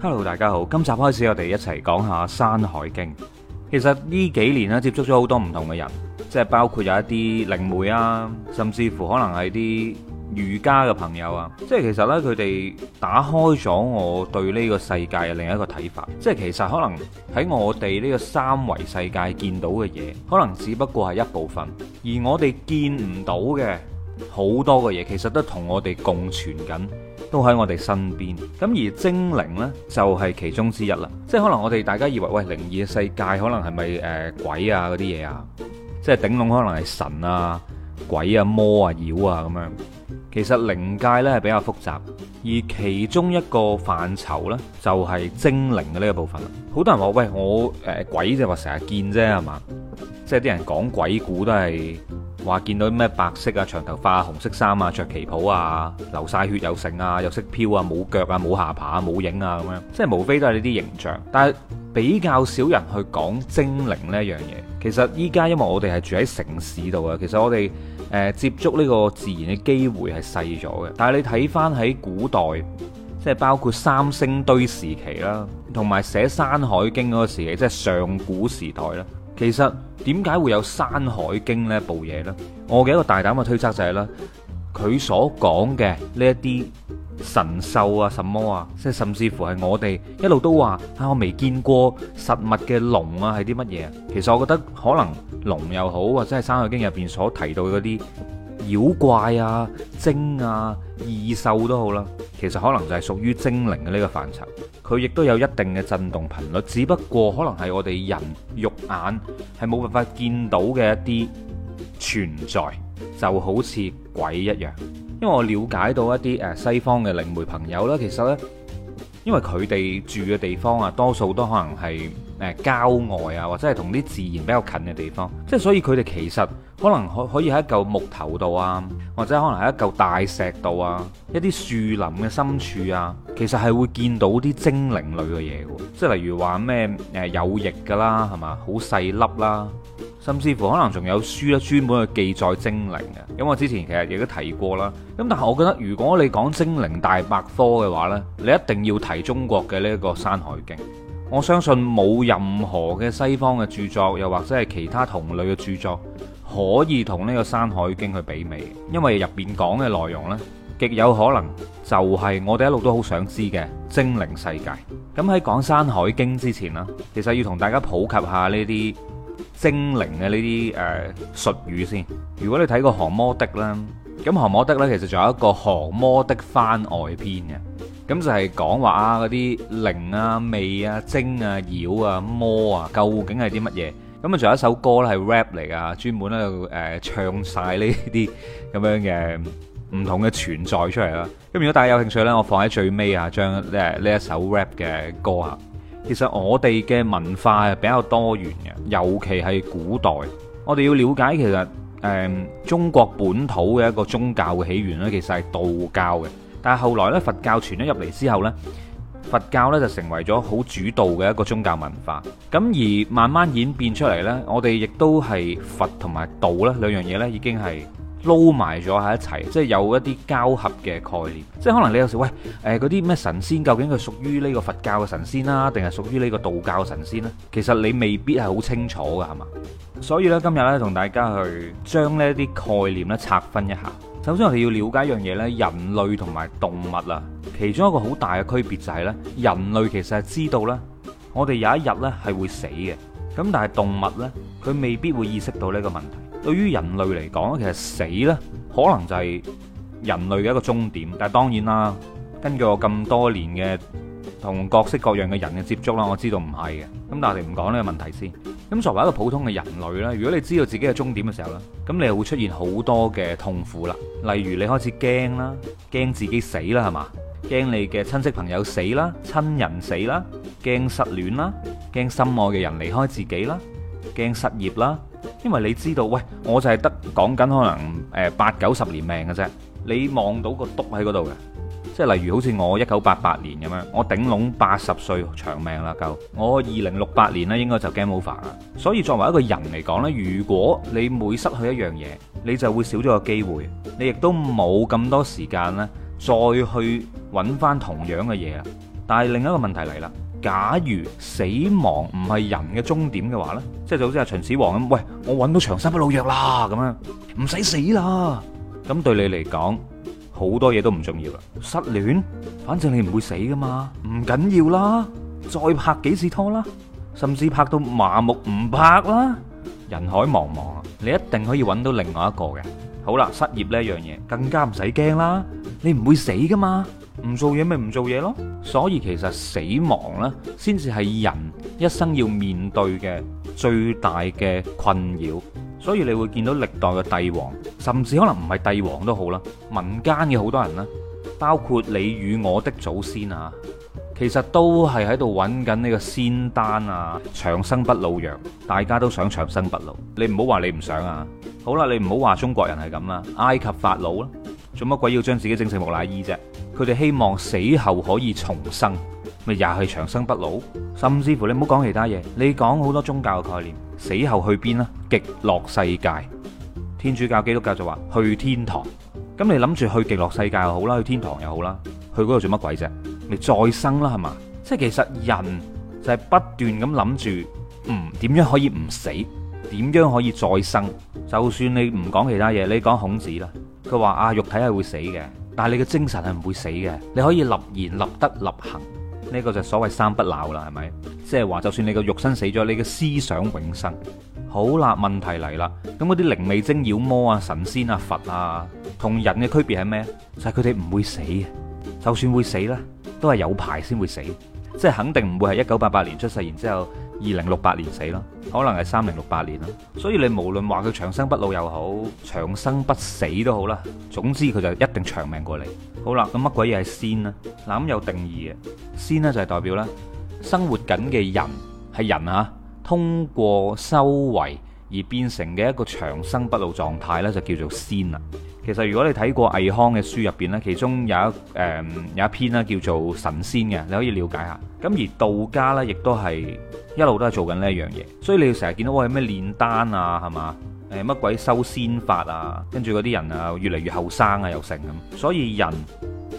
Hello，大家好，今集開始我哋一齊講下《山海經》。其實呢幾年咧，接觸咗好多唔同嘅人，即係包括有一啲靈媒啊，甚至乎可能係啲瑜伽嘅朋友啊。即係其實呢，佢哋打開咗我對呢個世界嘅另一個睇法。即係其實可能喺我哋呢個三維世界見到嘅嘢，可能只不過係一部分，而我哋見唔到嘅好多嘅嘢，其實都同我哋共存緊。都喺我哋身邊，咁而精靈呢，就係、是、其中之一啦。即係可能我哋大家以為喂靈異嘅世界可能係咪誒鬼啊嗰啲嘢啊，即係頂籠可能係神啊、鬼啊、魔啊、妖啊咁樣。其實靈界呢係比較複雜，而其中一個範疇呢，就係、是、精靈嘅呢個部分。好多人話喂我誒、呃、鬼就話成日見啫係嘛，即係啲人講鬼故都係。話見到咩白色啊、長頭髮、紅色衫啊、着旗袍啊、流晒血又剩啊、又識飄啊、冇腳啊、冇下巴啊、冇影啊咁樣，即係無非都係呢啲形象。但係比較少人去講精靈呢樣嘢。其實依家因為我哋係住喺城市度啊，其實我哋誒、呃、接觸呢個自然嘅機會係細咗嘅。但係你睇翻喺古代，即係包括三星堆時期啦，同埋寫《山海經》嗰個時期，即係上古時代啦。其實點解會有《山海經》呢部嘢咧？我嘅一個大膽嘅推測就係咧，佢所講嘅呢一啲神獸啊、什麼啊，即係甚至乎係我哋一路都話啊，我未見過實物嘅龍啊，係啲乜嘢？其實我覺得可能龍又好，或者係《山海經》入邊所提到嗰啲妖怪啊、精啊、異獸都好啦，其實可能就係屬於精靈嘅呢個範疇。佢亦都有一定嘅震動頻率，只不過可能係我哋人肉眼係冇辦法見到嘅一啲存在，就好似鬼一樣。因為我了解到一啲誒西方嘅靈媒朋友呢，其實呢，因為佢哋住嘅地方啊，多數都可能係。誒、呃、郊外啊，或者係同啲自然比較近嘅地方，即係所以佢哋其實可能可可以喺一嚿木頭度啊，或者可能喺一嚿大石度啊，一啲樹林嘅深處啊，其實係會見到啲精靈類嘅嘢嘅，即係例如話咩誒有翼㗎啦，係嘛，好細粒啦，甚至乎可能仲有書咧專門去記載精靈嘅。咁、嗯、我之前其實亦都提過啦。咁、嗯、但係我覺得如果你講精靈大百科嘅話呢，你一定要提中國嘅呢一個山海經。我相信冇任何嘅西方嘅著作，又或者係其他同類嘅著作，可以同呢個山海經去媲美，因為入邊講嘅內容呢，極有可能就係我哋一路都好想知嘅精靈世界。咁喺講山海經之前啦，其實要同大家普及下呢啲精靈嘅呢啲誒術語先。如果你睇過《降魔的》啦，咁《降魔的》咧其實仲有一個《降魔的》番外篇嘅。咁就係講話啊，嗰啲靈啊、味啊、精啊、妖啊、魔啊，究竟係啲乜嘢？咁啊，仲有一首歌咧，係 rap 嚟噶，專門咧誒唱晒呢啲咁樣嘅唔同嘅存在出嚟啦。咁如果大家有興趣咧，我放喺最尾啊，將誒呢一首 rap 嘅歌啊。其實我哋嘅文化係比較多元嘅，尤其係古代，我哋要了解其實誒中國本土嘅一個宗教嘅起源咧，其實係道教嘅。但係後來咧，佛教傳咗入嚟之後呢，佛教呢就成為咗好主導嘅一個宗教文化。咁而慢慢演變出嚟呢，我哋亦都係佛同埋道呢兩樣嘢呢已經係撈埋咗喺一齊，即係有一啲交合嘅概念。即係可能你有時喂，誒嗰啲咩神仙，究竟佢屬於呢個佛教嘅神仙啦、啊，定係屬於呢個道教嘅神仙呢？其實你未必係好清楚噶，係嘛？所以呢，今日呢，同大家去將呢啲概念呢拆分一下。首先我哋要了解一樣嘢咧，人類同埋動物啊，其中一個好大嘅區別就係咧，人類其實係知道咧，我哋有一日咧係會死嘅，咁但係動物咧，佢未必會意識到呢個問題。對於人類嚟講，其實死咧可能就係人類嘅一個終點，但係當然啦，根據我咁多年嘅。同各式各樣嘅人嘅接觸啦，我知道唔係嘅，咁但係我哋唔講呢個問題先。咁作為一個普通嘅人類咧，如果你知道自己嘅終點嘅時候咧，咁你會出現好多嘅痛苦啦，例如你開始驚啦，驚自己死啦，係嘛？驚你嘅親戚朋友死啦，親人死啦，驚失戀啦，驚心愛嘅人離開自己啦，驚失業啦，因為你知道，喂，我就係得講緊可能誒八九十年命嘅啫，你望到個篤喺嗰度嘅。即係例如好似我一九八八年咁樣，我頂籠八十歲長命啦夠。我二零六八年咧應該就 game over 啦。所以作為一個人嚟講咧，如果你每失去一樣嘢，你就會少咗個機會，你亦都冇咁多時間咧，再去揾翻同樣嘅嘢啊。但係另一個問題嚟啦，假如死亡唔係人嘅終點嘅話呢，即係就好似阿秦始皇咁，喂，我揾到長生不老藥啦，咁樣，唔使死啦。咁對你嚟講，好多嘢都唔重要啦，失戀，反正你唔會死噶嘛，唔緊要啦，再拍幾次拖啦，甚至拍到麻木唔拍啦，人海茫茫啊，你一定可以揾到另外一個嘅。好啦，失業呢一樣嘢更加唔使驚啦，你唔會死噶嘛，唔做嘢咪唔做嘢咯。所以其實死亡咧，先至係人一生要面對嘅最大嘅困擾，所以你會見到歷代嘅帝王。甚至可能唔係帝王都好啦，民間嘅好多人啦，包括你與我嘅祖先啊，其實都係喺度揾緊呢個仙丹啊、長生不老藥，大家都想長生不老。你唔好話你唔想啊。好啦，你唔好話中國人係咁啦，埃及法老啦，做乜鬼要將自己整成木乃伊啫？佢哋希望死後可以重生，咪又係長生不老。甚至乎你唔好講其他嘢，你講好多宗教嘅概念，死後去邊啊？極樂世界。天主教、基督教就話去天堂，咁你諗住去極樂世界又好啦，去天堂又好啦，去嗰度做乜鬼啫？咪再生啦，係嘛？即係其實人就係不斷咁諗住，唔、嗯、點樣可以唔死？點樣可以再生？就算你唔講其他嘢，你講孔子啦，佢話啊，肉體係會死嘅，但係你嘅精神係唔會死嘅，你可以立言、立德、立行。呢個就所謂三不老啦，係咪？即係話，就算你個肉身死咗，你嘅思想永生。好啦，問題嚟啦，咁嗰啲靈魅精妖魔啊、神仙啊、佛啊，同人嘅區別係咩？就係佢哋唔會死嘅，就算會死啦，都係有排先會死。即係肯定唔會係一九八八年出世，然之後二零六八年死咯，可能係三零六八年啦。所以你無論話佢長生不老又好，長生不死都好啦，總之佢就一定長命過嚟。好啦，咁乜鬼嘢係仙呢？嗱，咁有定義嘅仙呢，就係代表呢，生活緊嘅人係人啊，通過修為。而變成嘅一個長生不老狀態呢，就叫做仙啦、啊。其實如果你睇過魏康嘅書入邊呢，其中有一誒、呃、有一篇啦，叫做神仙嘅，你可以了解下。咁而道家呢，亦都係一路都係做緊呢一樣嘢，所以你要成日見到哇，有、哎、咩煉丹啊，係嘛，誒乜鬼修仙法啊，跟住嗰啲人啊越嚟越後生啊又成咁。所以人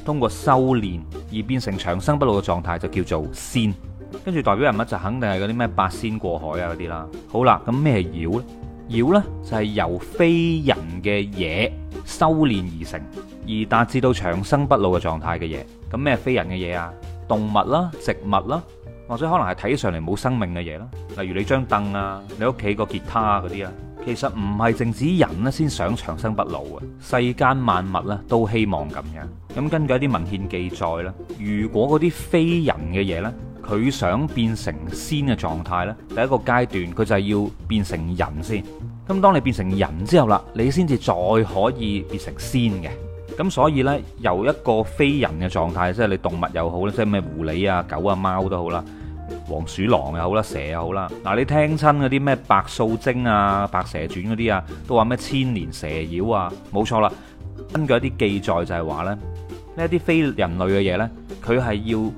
通過修練而變成長生不老嘅狀態，就叫做仙。跟住代表人物就肯定係嗰啲咩八仙過海啊嗰啲啦。好啦，咁咩妖呢？妖呢，就係、是、由非人嘅嘢修煉而成，而達至到長生不老嘅狀態嘅嘢。咁咩非人嘅嘢啊？動物啦、啊、植物啦、啊，或者可能係睇上嚟冇生命嘅嘢啦，例如你張凳啊、你屋企個吉他啊嗰啲啊。其實唔係淨止人咧先想長生不老嘅，世間萬物咧都希望咁樣。咁根據一啲文獻記載啦，如果嗰啲非人嘅嘢呢。佢想變成仙嘅狀態呢，第一個階段佢就係要變成人先。咁當你變成人之後啦，你先至再可以變成仙嘅。咁所以呢，由一個非人嘅狀態，即係你動物又好咧，即係咩狐狸啊、狗啊、貓都好啦，黃鼠狼又好啦、蛇又好啦。嗱，你聽親嗰啲咩白素貞啊、白蛇傳嗰啲啊，都話咩千年蛇妖啊，冇錯啦。根據一啲記載就係話呢，呢啲非人類嘅嘢呢，佢係要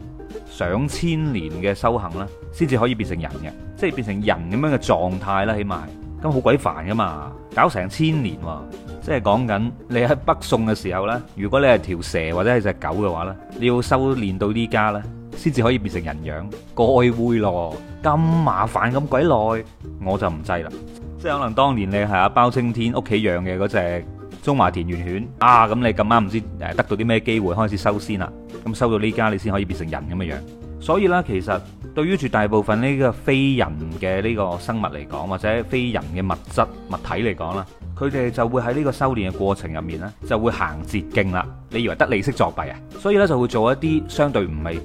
兩千年嘅修行啦，先至可以變成人嘅，即係變成人咁樣嘅狀態啦，起碼係咁好鬼煩噶嘛，搞成千年喎，即係講緊你喺北宋嘅時候呢，如果你係條蛇或者係隻狗嘅話呢，你要修練到呢家呢，先至可以變成人樣，該會咯，咁麻煩咁鬼耐，我就唔制啦，即係可能當年你係阿包青天屋企養嘅嗰隻中華田園犬啊，咁你咁啱唔知誒得到啲咩機會開始修仙啦。咁收到呢家你先可以變成人咁嘅樣，所以呢，其實對於絕大部分呢個非人嘅呢個生物嚟講，或者非人嘅物質物體嚟講啦，佢哋就會喺呢個修煉嘅過程入面呢，就會行捷徑啦。你以為得你識作弊啊？所以呢，就會做一啲相對唔係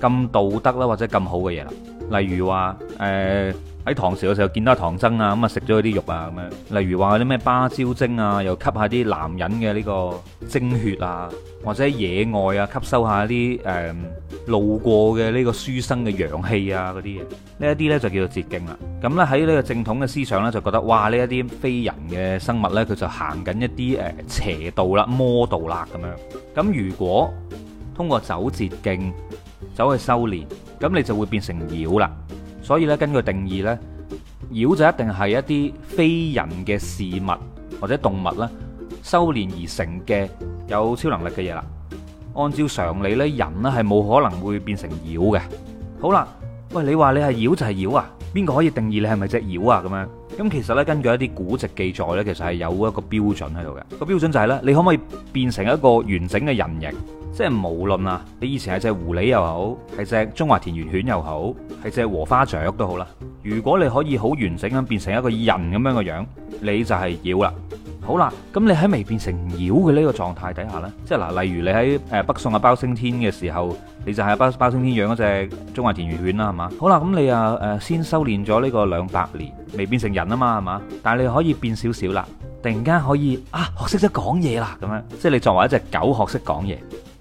咁道德啦，或者咁好嘅嘢啦，例如話誒，呃喺唐朝嘅時候見到唐僧啊，咁啊食咗啲肉啊，咁樣，例如話嗰啲咩芭蕉精啊，又吸下啲男人嘅呢個精血啊，或者野外啊吸收下啲誒路過嘅呢個書生嘅陽氣啊嗰啲嘢，呢一啲呢，就叫做捷徑啦。咁呢喺呢個正統嘅思想呢，就覺得，哇呢一啲非人嘅生物呢，佢就行緊一啲誒、呃、邪道啦、魔道啦咁樣。咁如果通過走捷徑走去修煉，咁你就會變成妖啦。所以咧，根據定義咧，妖就一定係一啲非人嘅事物或者動物啦，修練而成嘅有超能力嘅嘢啦。按照常理咧，人咧係冇可能會變成妖嘅。好啦，喂，你話你係妖就係妖啊？邊個可以定義你係咪隻妖啊？咁樣咁其實咧，根據一啲古籍記載咧，其實係有一個標準喺度嘅。個標準就係咧，你可唔可以變成一個完整嘅人形？即係無論啊，你以前係隻狐狸又好，係隻中華田園犬又好，係隻禾花雀都好啦。如果你可以好完整咁變成一個人咁樣嘅樣，你就係妖啦。好啦，咁你喺未變成妖嘅呢個狀態底下呢，即係嗱，例如你喺誒北宋阿包青天嘅時候，你就係包包青天養嗰隻中華田園犬啦，係嘛？好啦，咁你啊誒先修煉咗呢個兩百年，未變成人啊嘛，係嘛？但係你可以變少少啦，突然間可以啊學識咗講嘢啦，咁樣即係你作為一隻狗學識講嘢。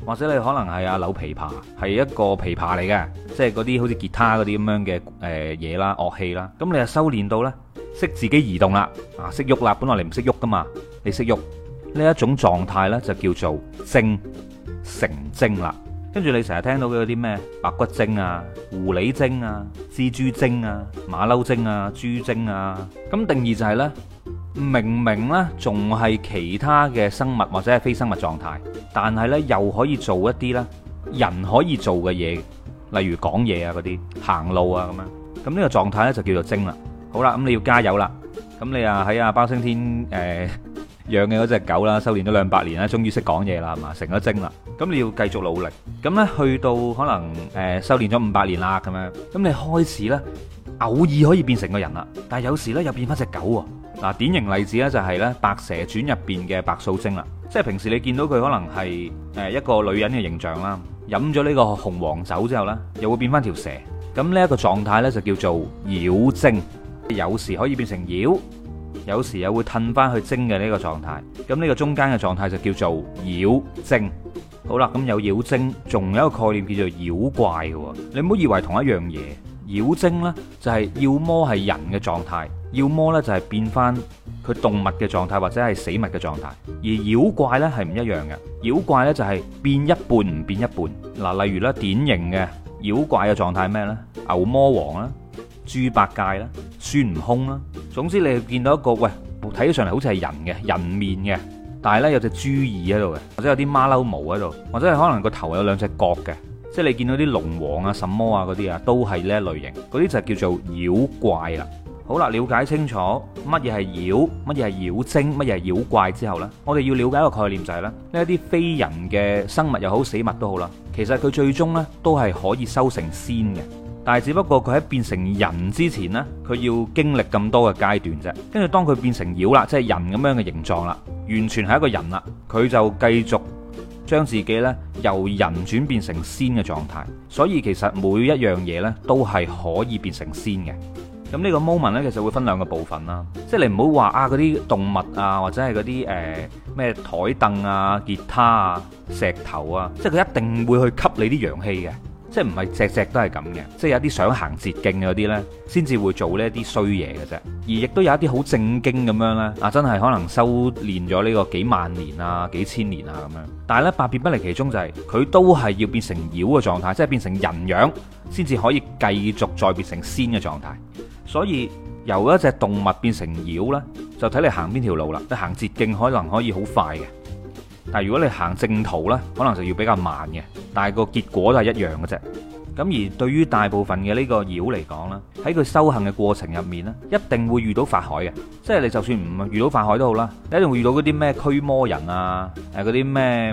或者你可能係阿柳琵琶，係一個琵琶嚟嘅，即係嗰啲好似吉他嗰啲咁樣嘅誒嘢啦，樂器啦，咁你就修煉到呢，識自己移動啦，啊識喐啦，本來你唔識喐噶嘛，你識喐呢一種狀態呢，就叫做精，成精啦，跟住你成日聽到嘅嗰啲咩白骨精啊、狐狸精啊、蜘蛛精啊、馬騮精啊、豬精啊，咁定義就係呢。明明咧仲係其他嘅生物或者係非生物狀態，但係咧又可以做一啲咧人可以做嘅嘢，例如講嘢啊嗰啲，行路啊咁樣。咁呢個狀態呢，就叫做精啦。好啦，咁你要加油啦。咁你啊喺阿包青天誒、呃、養嘅嗰隻狗啦，修煉咗兩百年啦，終於識講嘢啦，係嘛，成咗精啦。咁你要繼續努力。咁咧去到可能誒、呃、修煉咗五百年啦，咁樣，咁你開始呢，偶爾可以變成個人啦，但係有時呢，又變翻隻狗喎、啊。嗱，典型例子咧就係咧《白蛇傳》入邊嘅白素貞啦，即係平時你見到佢可能係誒一個女人嘅形象啦，飲咗呢個紅黃酒之後咧，又會變翻條蛇，咁呢一個狀態咧就叫做妖精，有時可以變成妖，有時又會褪翻去精嘅呢個狀態，咁呢個中間嘅狀態就叫做妖精。好啦，咁有妖精，仲有一個概念叫做妖怪嘅，你唔好以為同一樣嘢，妖精咧就係要麼係人嘅狀態。妖魔呢就係變翻佢動物嘅狀態，或者係死物嘅狀態。而妖怪呢，係唔一樣嘅，妖怪呢，就係變一半唔變一半。嗱，例如呢典型嘅妖怪嘅狀態係咩呢？牛魔王啦、豬八戒啦、孫悟空啦，總之你見到一個喂，睇起上嚟好似係人嘅人面嘅，但係呢有隻豬耳喺度嘅，或者有啲馬騮毛喺度，或者係可能個頭有兩隻角嘅，即係你見到啲龍王啊、神魔啊嗰啲啊，都係呢一類型，嗰啲就叫做妖怪啦。好啦，了解清楚乜嘢係妖，乜嘢係妖精，乜嘢係妖怪之後呢，我哋要了解一個概念就係咧，呢一啲非人嘅生物又好，死物都好啦，其實佢最終呢都係可以修成仙嘅，但係只不過佢喺變成人之前呢，佢要經歷咁多嘅階段啫。跟住當佢變成妖啦，即係人咁樣嘅形狀啦，完全係一個人啦，佢就繼續將自己呢由人轉變成仙嘅狀態。所以其實每一樣嘢呢，都係可以變成仙嘅。咁呢個 moment 呢，其實會分兩個部分啦，即係你唔好話啊嗰啲動物啊，或者係嗰啲誒咩台凳啊、吉他啊、石頭啊，即係佢一定會去吸你啲陽氣嘅，即係唔係隻隻都係咁嘅，即係有啲想行捷徑嗰啲呢，先至會做呢啲衰嘢嘅啫。而亦都有一啲好正經咁樣呢，啊真係可能修練咗呢個幾萬年啊、幾千年啊咁樣，但係咧百變不離其中就係、是、佢都係要變成妖嘅狀態，即係變成人樣先至可以繼續再變成仙嘅狀態。所以由一隻動物變成妖呢，就睇你行邊條路啦。你行捷徑可能可以好快嘅，但如果你行正途呢，可能就要比較慢嘅。但係個結果都係一樣嘅啫。咁而對於大部分嘅呢個妖嚟講啦，喺佢修行嘅過程入面咧，一定會遇到法海嘅。即係你就算唔遇到法海都好啦，你一定會遇到嗰啲咩驅魔人啊，誒嗰啲咩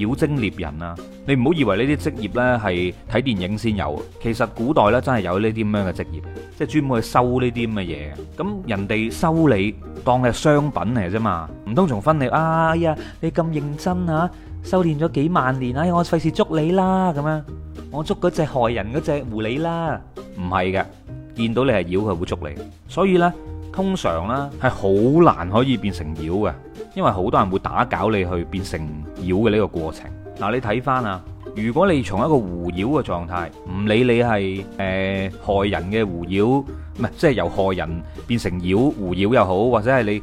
妖精獵人啊。你唔好以為呢啲職業咧係睇電影先有，其實古代咧真係有呢啲咁樣嘅職業，即係專門去收呢啲咁嘅嘢嘅。咁人哋收你當係商品嚟啫嘛，唔通仲分你？哎呀？你咁認真啊？修煉咗幾萬年，哎，我費事捉你啦，咁樣，我捉嗰隻害人嗰隻狐狸啦，唔係嘅，見到你係妖，佢會捉你。所以呢，通常咧係好難可以變成妖嘅，因為好多人會打攪你去變成妖嘅呢個過程。嗱、啊，你睇翻。啊，如果你從一個狐妖嘅狀態，唔理你係誒、呃、害人嘅狐妖，唔係即係由害人變成妖狐妖又好，或者係你。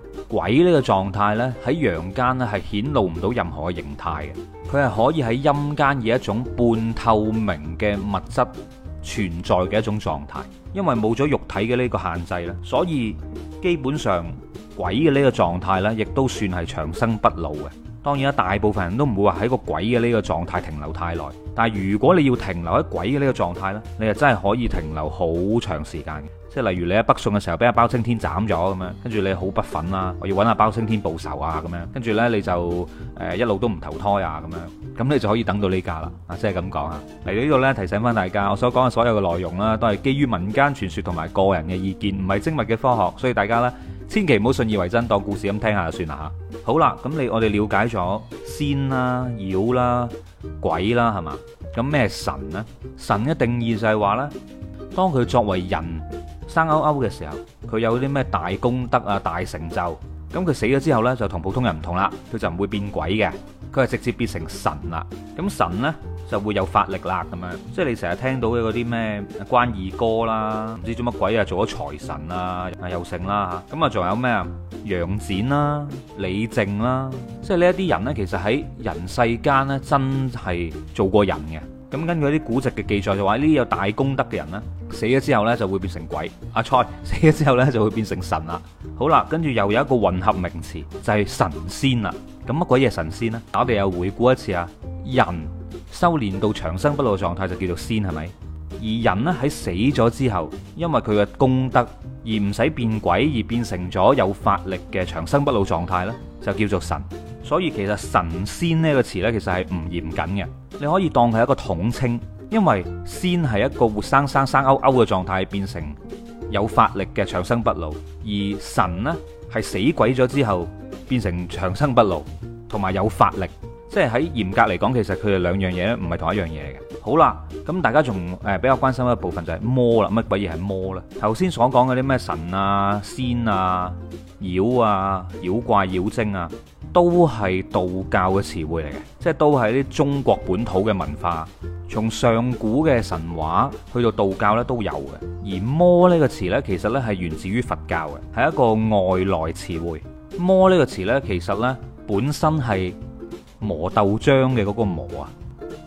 鬼呢個狀態咧，喺陽間咧係顯露唔到任何嘅形態嘅，佢係可以喺陰間以一種半透明嘅物質存在嘅一種狀態，因為冇咗肉體嘅呢個限制咧，所以基本上鬼嘅呢個狀態咧，亦都算係長生不老嘅。當然啦，大部分人都唔會話喺個鬼嘅呢個狀態停留太耐，但係如果你要停留喺鬼嘅呢個狀態咧，你係真係可以停留好長時間嘅。即係例如你喺北宋嘅時候俾阿包青天斬咗咁樣，跟住你好不忿啦，我要揾阿包青天報仇啊咁樣。跟住呢，你就誒一路都唔投胎啊咁樣，咁你就可以等到呢架啦啊，即係咁講啊。嚟到呢度呢，提醒翻大家，我所講嘅所有嘅內容啦，都係基於民間傳說同埋個人嘅意見，唔係精密嘅科學，所以大家呢，千祈唔好信以為真，當故事咁聽下就算啦吓。好啦，咁你我哋了解咗仙啦、妖啦、鬼啦，係嘛？咁咩神呢？神嘅定義就係話呢，當佢作為人。生勾勾嘅時候，佢有啲咩大功德啊、大成就，咁佢死咗之後呢，就同普通人唔同啦，佢就唔會變鬼嘅，佢係直接變成神啦。咁神呢，就會有法力啦，咁樣，即係你成日聽到嘅嗰啲咩關二哥啦，唔知做乜鬼啊，做咗財神啦，又剩啦，咁啊仲有咩啊楊戩啦、李靖啦，即係呢一啲人呢，其實喺人世間呢，真係做過人嘅。咁根據啲古籍嘅記載就話呢啲有大功德嘅人呢，死咗之後呢就會變成鬼；阿蔡死咗之後呢就會變成神啦。好啦，跟住又有一個混合名詞就係神仙啦。咁乜鬼嘢神仙呢？我哋又回顧一次啊，人修煉到長生不老狀態就叫做仙，係咪？而人呢，喺死咗之後，因為佢嘅功德而唔使變鬼，而變成咗有法力嘅長生不老狀態呢，就叫做神。所以其實神仙呢個詞呢，其實係唔嚴謹嘅。你可以當佢係一個統稱，因為仙係一個活生生生勾勾嘅狀態變成有法力嘅長生不老，而神呢，係死鬼咗之後變成長生不老，同埋有法力，即係喺嚴格嚟講，其實佢哋兩樣嘢唔係同一樣嘢嘅。好啦，咁大家仲誒比較關心一部分就係魔啦，乜鬼嘢係魔咧？頭先所講嗰啲咩神啊、仙啊、妖啊、妖怪、妖精啊，都係道教嘅詞彙嚟嘅，即係都係啲中國本土嘅文化，從上古嘅神話去到道教呢，都有嘅。而魔呢個詞呢，其實呢係源自於佛教嘅，係一個外來詞彙。魔呢個詞呢，其實呢本身係磨豆漿嘅嗰個磨啊。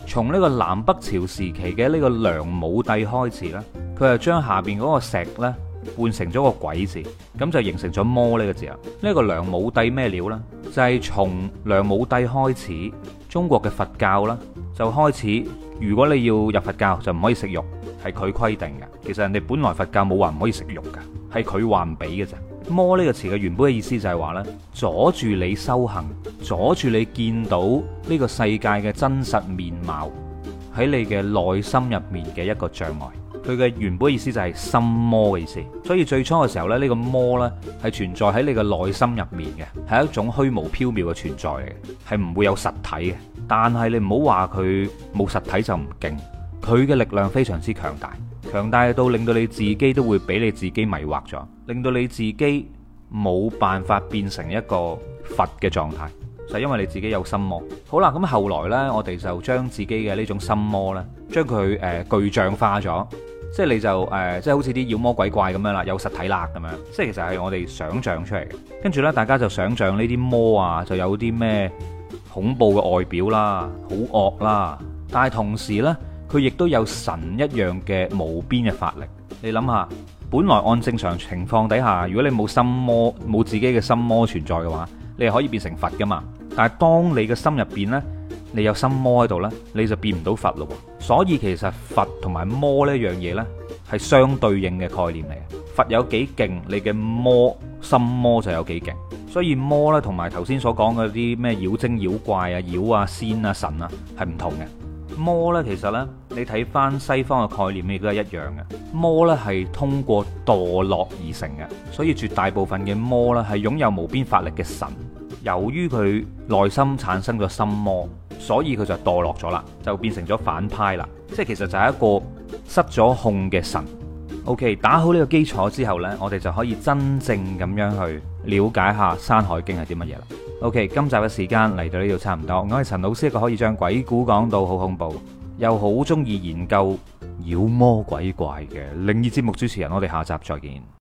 從呢個南北朝時期嘅呢個梁武帝開始呢，佢就將下邊嗰個石呢換成咗個鬼字，咁就形成咗魔呢個字啊。呢個梁武帝咩料呢？就係從梁武帝開始，中國嘅佛教啦就開始，如果你要入佛教就唔可以食肉，係佢規定嘅。其實人哋本來佛教冇話唔可以食肉噶，係佢話唔俾嘅咋。魔呢個詞嘅原本嘅意思就係話咧，阻住你修行，阻住你見到呢個世界嘅真實面貌，喺你嘅內心入面嘅一個障礙。佢嘅原本意思就係心魔嘅意思。所以最初嘅時候呢，呢個魔呢係存在喺你嘅內心入面嘅，係一種虛無縹緲嘅存在嚟嘅，係唔會有實體嘅。但係你唔好話佢冇實體就唔勁，佢嘅力量非常之強大。強大到令到你自己都會俾你自己迷惑咗，令到你自己冇辦法變成一個佛嘅狀態，就因為你自己有心魔。好啦，咁後來呢，我哋就將自己嘅呢種心魔呢，將佢誒具象化咗，即係你就誒、呃，即係好似啲妖魔鬼怪咁樣啦，有實體啦咁樣，即係其實係我哋想像出嚟嘅。跟住呢，大家就想像呢啲魔啊，就有啲咩恐怖嘅外表啦，好惡啦，但係同時呢，佢亦都有神一樣嘅無邊嘅法力。你諗下，本來按正常情況底下，如果你冇心魔冇自己嘅心魔存在嘅話，你可以變成佛噶嘛。但係當你嘅心入邊呢，你有心魔喺度呢，你就變唔到佛咯。所以其實佛同埋魔呢樣嘢呢，係相對應嘅概念嚟。佛有幾勁，你嘅魔心魔就有幾勁。所以魔呢，同埋頭先所講嗰啲咩妖精，妖怪啊、妖啊、仙啊、神啊，係唔同嘅。魔咧，其實呢，你睇返西方嘅概念亦都係一樣嘅。魔呢係通過墮落而成嘅，所以絕大部分嘅魔呢係擁有無邊法力嘅神，由於佢內心產生咗心魔，所以佢就墮落咗啦，就變成咗反派啦，即係其實就係一個失咗控嘅神。OK，打好呢個基礎之後呢，我哋就可以真正咁樣去了解下《山海經》係啲乜嘢啦。OK，今集嘅時間嚟到呢度差唔多，我係陳老師，一個可以將鬼故講到好恐怖，又好中意研究妖魔鬼怪嘅靈異節目主持人，我哋下集再見。